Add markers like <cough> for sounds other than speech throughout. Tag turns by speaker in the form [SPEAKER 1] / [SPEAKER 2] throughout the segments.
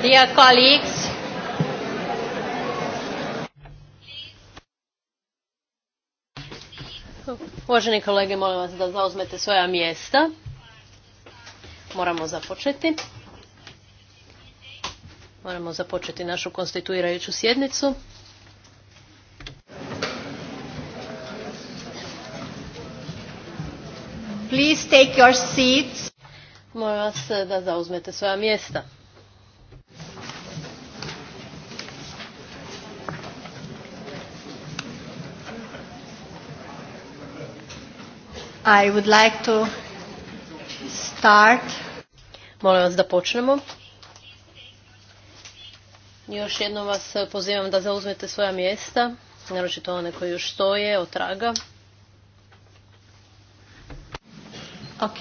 [SPEAKER 1] Dear colleagues, Uvaženi kolege, molim vas da zauzmete svoja mjesta. Moramo započeti. Moramo započeti našu konstituirajuću sjednicu. Please take your seats. Molim vas da zauzmete svoja mjesta. I would like to start. Molim vas da počnemo. Još jednom vas pozivam da zauzmete svoja mjesta, naročito one koji još stoje, otraga. Ok.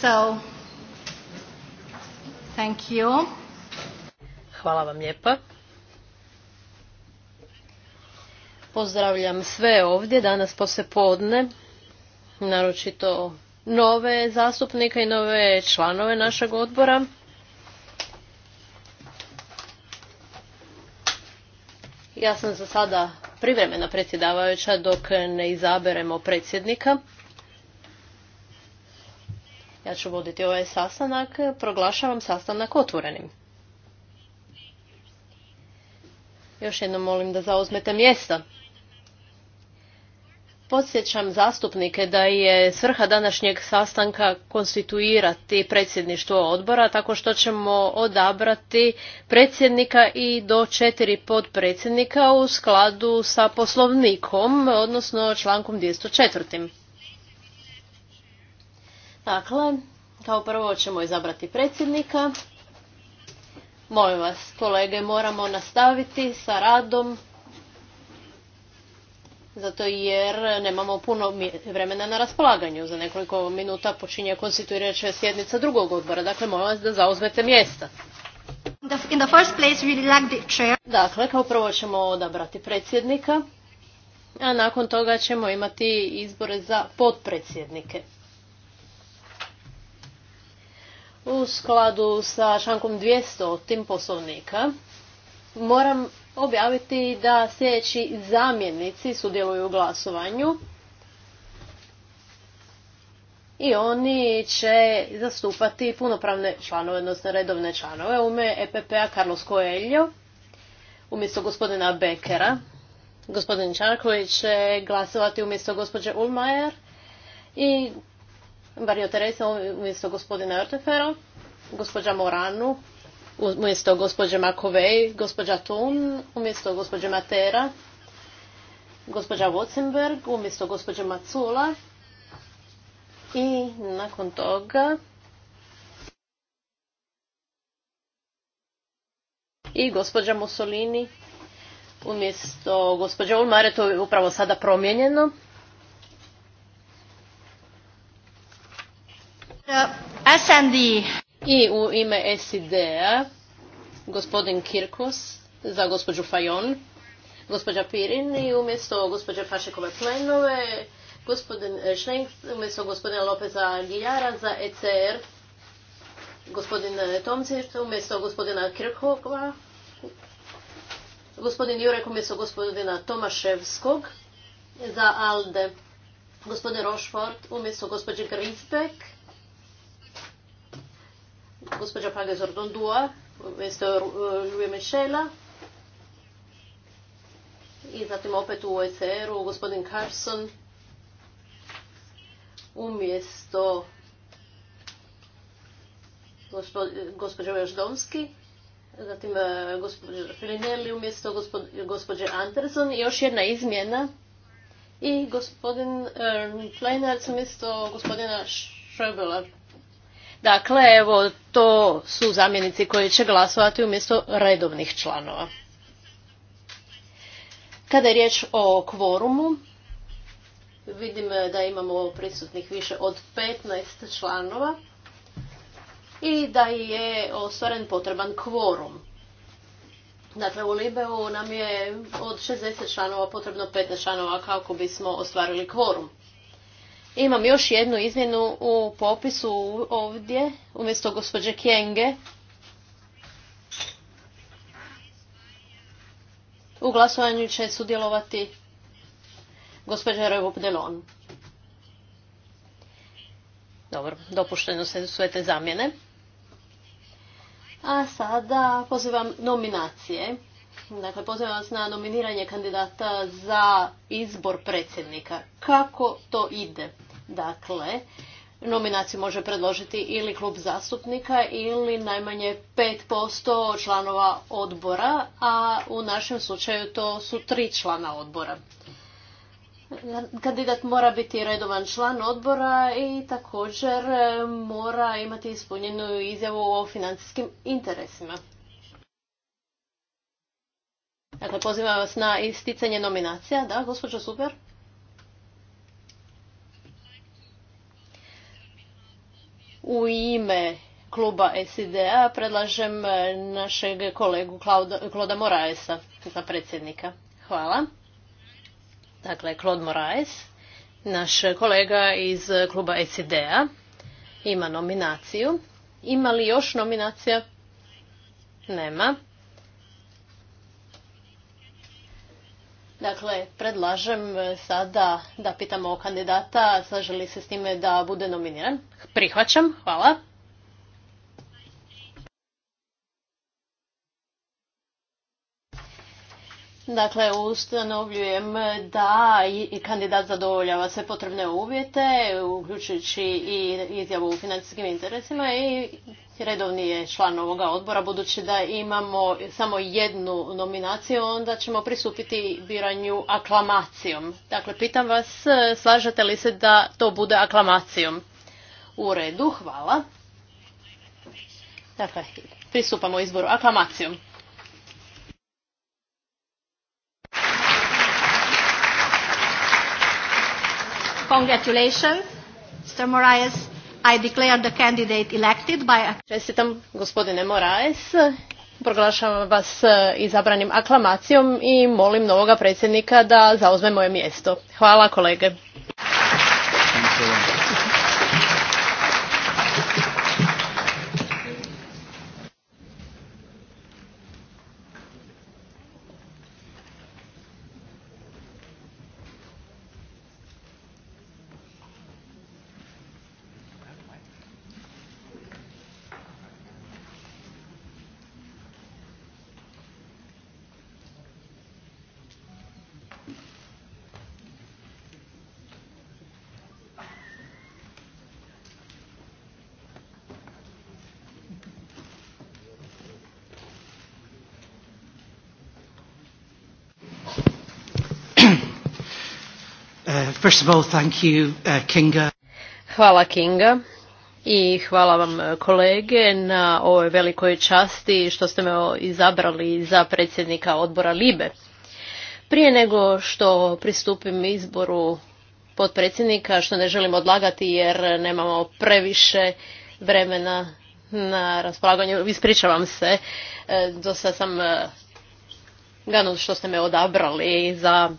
[SPEAKER 1] So, thank you. Hvala vam lijepa. Pozdravljam sve ovdje danas poslijepodne. podne naročito nove zastupnike i nove članove našeg odbora. Ja sam za sada privremena predsjedavajuća dok ne izaberemo predsjednika. Ja ću voditi ovaj sastanak. Proglašavam sastanak otvorenim. Još jednom molim da zauzmete mjesta. Podsjećam zastupnike da je svrha današnjeg sastanka konstituirati predsjedništvo odbora tako što ćemo odabrati predsjednika i do četiri podpredsjednika u skladu sa poslovnikom, odnosno člankom 204. Dakle, kao prvo ćemo izabrati predsjednika. Molim vas, kolege, moramo nastaviti sa radom zato jer nemamo puno vremena na raspolaganju. Za nekoliko minuta počinje konstituirajuća sjednica drugog odbora, dakle molim vas da zauzmete mjesta. In the Dakle, kao prvo ćemo odabrati predsjednika, a nakon toga ćemo imati izbore za potpredsjednike. U skladu sa člankom 200 tim poslovnika moram objaviti da sljedeći zamjenici sudjeluju u glasovanju i oni će zastupati punopravne članove, odnosno redovne članove. U ime EPP-a Carlos Coelho, umjesto gospodina Bekera, gospodin Čarković će glasovati umjesto gospođe Ulmajer i Barrio Teresa umjesto gospodina Ortefera, gospođa Moranu umjesto gospođe Makovej, gospođa Tun, umjesto gospođe Matera, gospođa Vocenberg, umjesto gospođe Macula i nakon toga i gospođa Mussolini umjesto gospođe Ulmare, to je upravo sada promijenjeno. SND. I u ime SID-a gospodin Kirkus za gospođu Fajon, gospođa Pirin i umjesto gospođe Fašekove plenove gospodin Schleng, umjesto gospodina Lopeza Giljara za ECR, gospodin Tomcić umjesto gospodina Kirkova, gospodin Jurek umjesto gospodina Tomaševskog za ALDE, gospodin Rošford umjesto gospođe Grisbeck, gospođa Paga dua umjesto Louis Mešela I zatim opet u OECR-u gospodin Carson umjesto gospođa gospođe Zatim uh, gospođe Filinelli umjesto gospođe Anderson. I još jedna izmjena. I gospodin Pleinarc uh, umjesto gospodina Schrebela. Dakle, evo, to su zamjenici koji će glasovati umjesto redovnih članova. Kada je riječ o kvorumu, vidim eh, da imamo prisutnih više od 15 članova i da je ostvaren potreban kvorum. Dakle, u Libeu nam je od 60 članova potrebno 15 članova kako bismo ostvarili kvorum. Imam još jednu izmjenu u popisu ovdje, umjesto gospođe Kjenge. U glasovanju će sudjelovati gospođa Rojvop Delon. Dobro, dopušteno se sve te zamjene. A sada pozivam nominacije. Dakle, pozivam vas na nominiranje kandidata za izbor predsjednika. Kako to ide? Dakle, nominaciju može predložiti ili klub zastupnika ili najmanje 5% članova odbora, a u našem slučaju to su tri člana odbora. Kandidat mora biti redovan član odbora i također e, mora imati ispunjenu izjavu o financijskim interesima. Dakle, pozivam vas na isticanje nominacija. Da, gospođo Super. U ime kluba SID-a predlažem e, našeg kolegu Kloda Moraesa za predsjednika. Hvala. Dakle, Klod Moraes, naš kolega iz kluba SID-a, ima nominaciju. Ima li još nominacija? Nema. Dakle, predlažem e, sada da pitamo kandidata slaže li se s time da bude nominiran. Prihvaćam, hvala. Dakle, ustanovljujem da i kandidat zadovoljava sve potrebne uvjete, uključujući i izjavu u financijskim interesima i redovni je član ovoga odbora, budući da imamo samo jednu nominaciju, onda ćemo pristupiti biranju aklamacijom. Dakle, pitam vas, slažete li se da to bude aklamacijom? U redu, hvala. Dakle, pristupamo izboru aklamacijom. Congratulations, Mr. Moraes. I declare the candidate elected Čestitam gospodine Moraes, proglašavam vas e, izabranim aklamacijom i molim novoga predsjednika da zauzme moje mjesto. Hvala kolege. First uh, Hvala Kinga i hvala vam uh, kolege na ovoj velikoj časti što ste me izabrali za predsjednika odbora Libe. Prije nego što pristupim izboru potpredsjednika, što ne želim odlagati jer nemamo previše vremena na raspolaganju, ispričavam se, do uh, dosta sam ganut što ste me odabrali za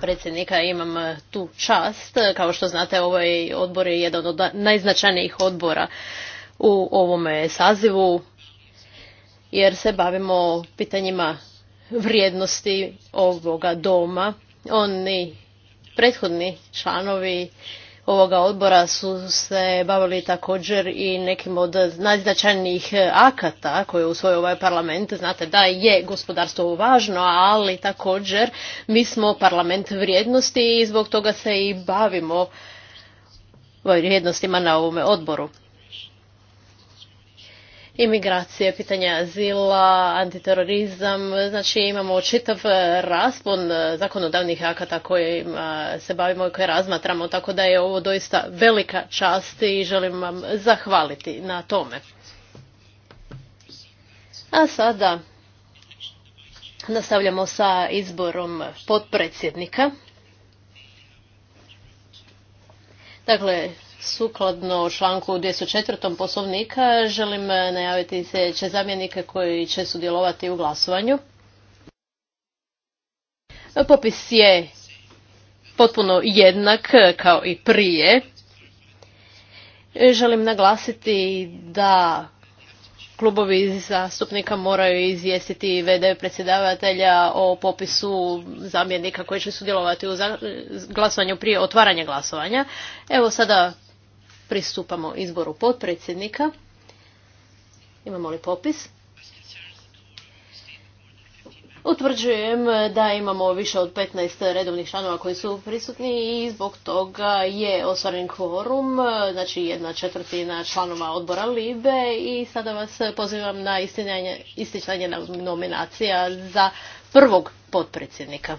[SPEAKER 1] predsjednika imam e, tu čast. Kao što znate, ovaj odbor je jedan od najznačajnijih odbora u ovome sazivu, jer se bavimo pitanjima vrijednosti ovoga doma. Oni prethodni članovi ovoga odbora su se bavili također i nekim od najznačajnijih akata koje usvojio ovaj parlament. Znate da je gospodarstvo važno, ali također mi smo parlament vrijednosti i zbog toga se i bavimo ovaj, vrijednostima na ovome odboru imigracije, pitanja azila, antiterorizam. Znači imamo čitav raspon zakonodavnih akata koje se bavimo i koje razmatramo, tako da je ovo doista velika čast i želim vam zahvaliti na tome. A sada nastavljamo sa izborom potpredsjednika. Dakle, Sukladno članku 204. poslovnika želim najaviti sljedeće zamjenike koji će sudjelovati u glasovanju. Popis je potpuno jednak kao i prije. Želim naglasiti da klubovi zastupnika moraju izvijestiti VD predsjedavatelja o popisu zamjenika koji će sudjelovati u glasovanju prije otvaranja glasovanja. Evo sada pristupamo izboru potpredsjednika. Imamo li popis? Utvrđujem da imamo više od 15 redovnih članova koji su prisutni i zbog toga je ostvaren kvorum, znači jedna četvrtina članova odbora LIBE i sada vas pozivam na isticanje nominacija za prvog potpredsjednika.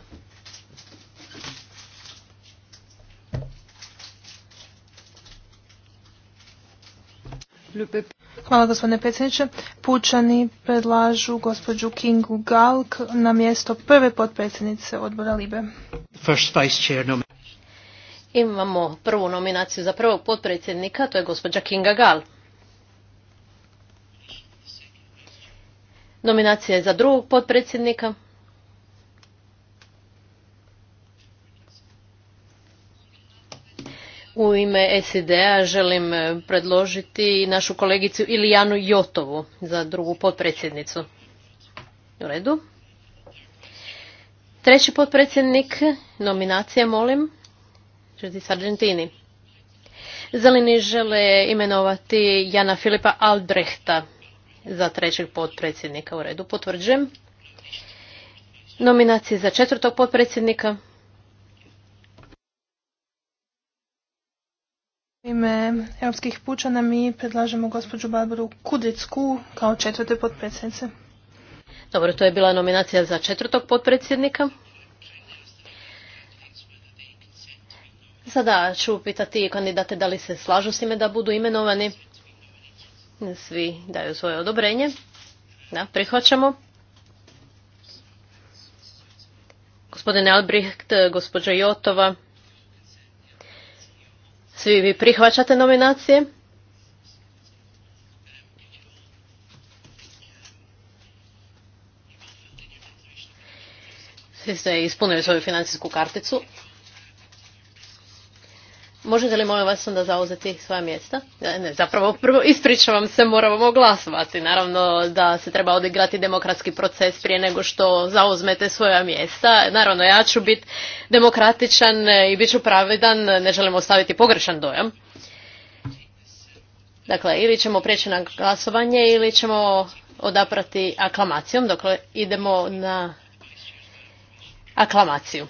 [SPEAKER 1] Hvala gospodine predsjedniče. Pučani predlažu gospođu Kingu Galk na mjesto prve potpredsjednice odbora Libe. Imamo prvu nominaciju za prvog potpredsjednika, to je gospođa Kinga Gal. Nominacija je za drugog potpredsjednika. U ime SID-a želim e, predložiti našu kolegicu Ilijanu Jotovu za drugu potpredsjednicu. U redu. Treći potpredsjednik, nominacije molim, želiti s Argentini. Zeleni žele imenovati Jana Filipa Albrehta za trećeg potpredsjednika. U redu, potvrđujem. Nominacije za četvrtog potpredsjednika. ime europskih pučana mi predlažemo gospođu Barbaru Kudricku kao četvrte potpredsjednice. Dobro, to je bila nominacija za četvrtog potpredsjednika. Sada ću pitati kandidate da li se slažu s time da budu imenovani. Svi daju svoje odobrenje. Da, prihvaćamo. Gospodine Albrecht, gospođa Jotova, svi vi prihvaćate nominacije? Svi ste ispunili svoju financijsku karticu. Možete li molim vas onda zauzeti svoja mjesta? E, ne, zapravo prvo ispričavam se, moramo glasovati. Naravno da se treba odigrati demokratski proces prije nego što zauzmete svoja mjesta. Naravno ja ću biti demokratičan i bit ću pravedan, ne želim ostaviti pogrešan dojam. Dakle, ili ćemo prijeći na glasovanje ili ćemo odaprati aklamacijom, dakle idemo na aklamaciju.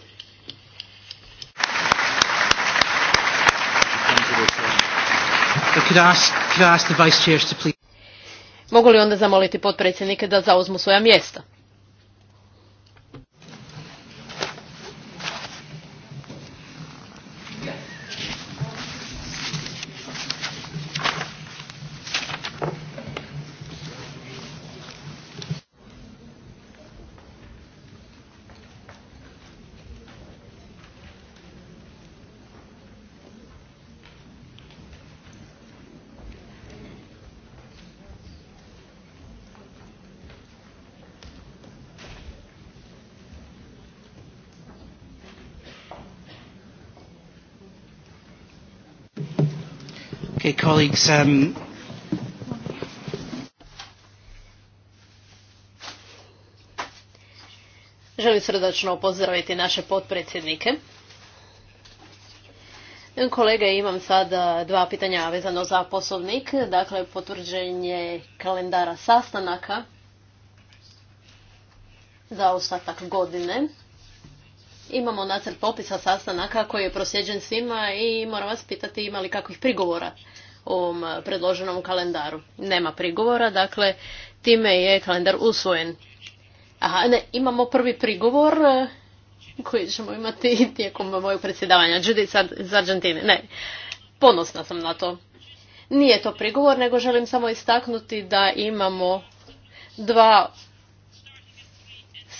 [SPEAKER 1] Mogu li onda zamoliti potpredsjednike da zauzmu svoja mjesta? Okay, colleagues, um... Želim srdačno pozdraviti naše potpredsjednike. Kolege, imam sada dva pitanja vezano za poslovnik, dakle potvrđenje kalendara sastanaka za ostatak godine. Imamo nacrt popisa sastanaka koji je prosjeđen svima i moram vas pitati ima li kakvih prigovora ovom eh, predloženom kalendaru. Nema prigovora, dakle time je kalendar usvojen. Aha, ne, imamo prvi prigovor eh, koji ćemo imati <laughs> tijekom mojeg predsjedavanja. Judith iz Argentine. Ne, ponosna sam na to. Nije to prigovor, nego želim samo istaknuti da imamo dva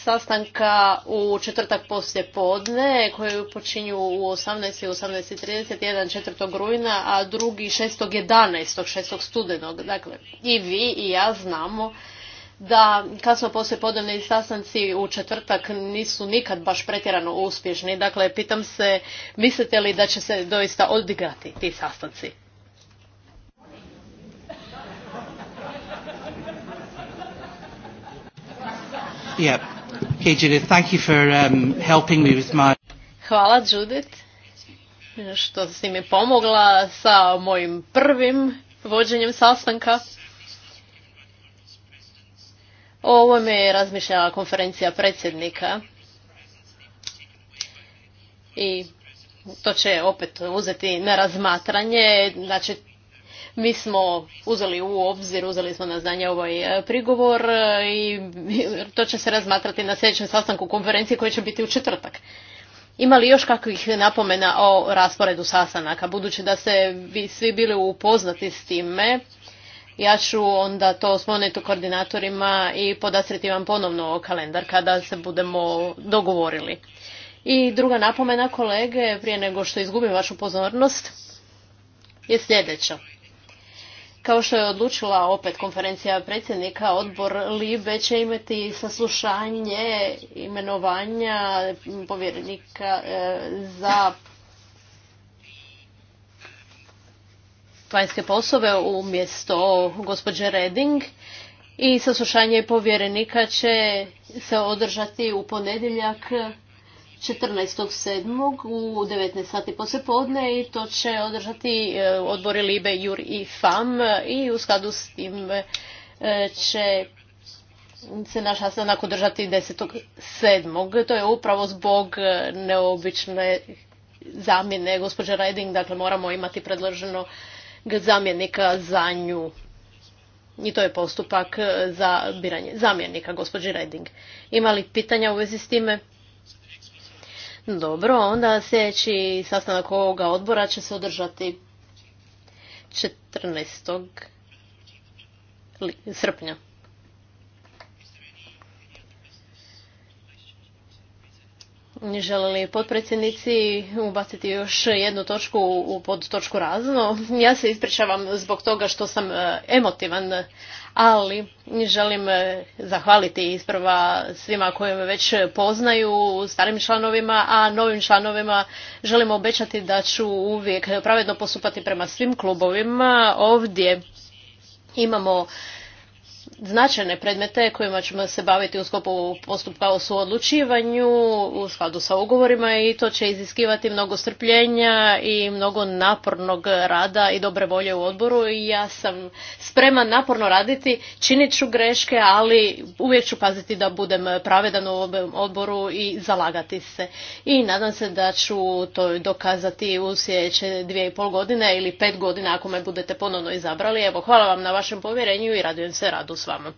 [SPEAKER 1] sastanka u četvrtak poslije podne koju počinju u 18. i 18.30, jedan 4. rujna, a drugi 6.11. 6. studenog. Dakle, i vi i ja znamo da kasno poslije i sastanci u četvrtak nisu nikad baš pretjerano uspješni. Dakle, pitam se, mislite li da će se doista odigrati ti sastanci? Yeah thank you for um, helping me with my... Hvala, Judith, što si mi pomogla sa mojim prvim vođenjem sastanka. O ovome je razmišljala konferencija predsjednika i to će opet uzeti na razmatranje. Znači, mi smo uzeli u obzir, uzeli smo na znanje ovaj e, prigovor e, i to će se razmatrati na sljedećem sastanku konferencije koji će biti u četvrtak. Ima li još kakvih napomena o rasporedu sastanaka? Budući da ste vi svi bili upoznati s time, ja ću onda to u koordinatorima i podastriti vam ponovno kalendar kada se budemo dogovorili. I druga napomena kolege, prije nego što izgubim vašu pozornost, je sljedeća. Kao što je odlučila opet konferencija predsjednika, odbor Libe će imati saslušanje imenovanja povjerenika e, za vanjske poslove umjesto gospođe Reding i saslušanje povjerenika će se održati u ponedjeljak 14.7. u 19 sati poslijepodne i to će održati e, odbori Libe, Jur i FAM i u skladu s tim e, će se naša sastanak održati 10.7. To je upravo zbog e, neobične zamjene gospođe Reding, dakle moramo imati predloženo zamjenika za nju. I to je postupak za biranje zamjenika gospođe Reding. Ima li pitanja u vezi s time? Dobro, onda sljedeći sastanak ovoga odbora će se održati 14. srpnja. Žele li potpredsjednici ubaciti još jednu točku u podtočku razno? Ja se ispričavam zbog toga što sam e, emotivan, ali želim e, zahvaliti isprva svima koje me već poznaju, starim članovima, a novim članovima želim obećati da ću uvijek pravedno postupati prema svim klubovima. Ovdje imamo značajne predmete kojima ćemo se baviti u sklopu postupka o suodlučivanju u skladu sa ugovorima i to će iziskivati mnogo strpljenja i mnogo napornog rada i dobre volje u odboru i ja sam spreman naporno raditi, činit ću greške, ali uvijek ću paziti da budem pravedan u odboru i zalagati se. I nadam se da ću to dokazati u sljedeće dvije i pol godine ili pet godina ako me budete ponovno izabrali. Evo, hvala vam na vašem povjerenju i radujem se radu s vama.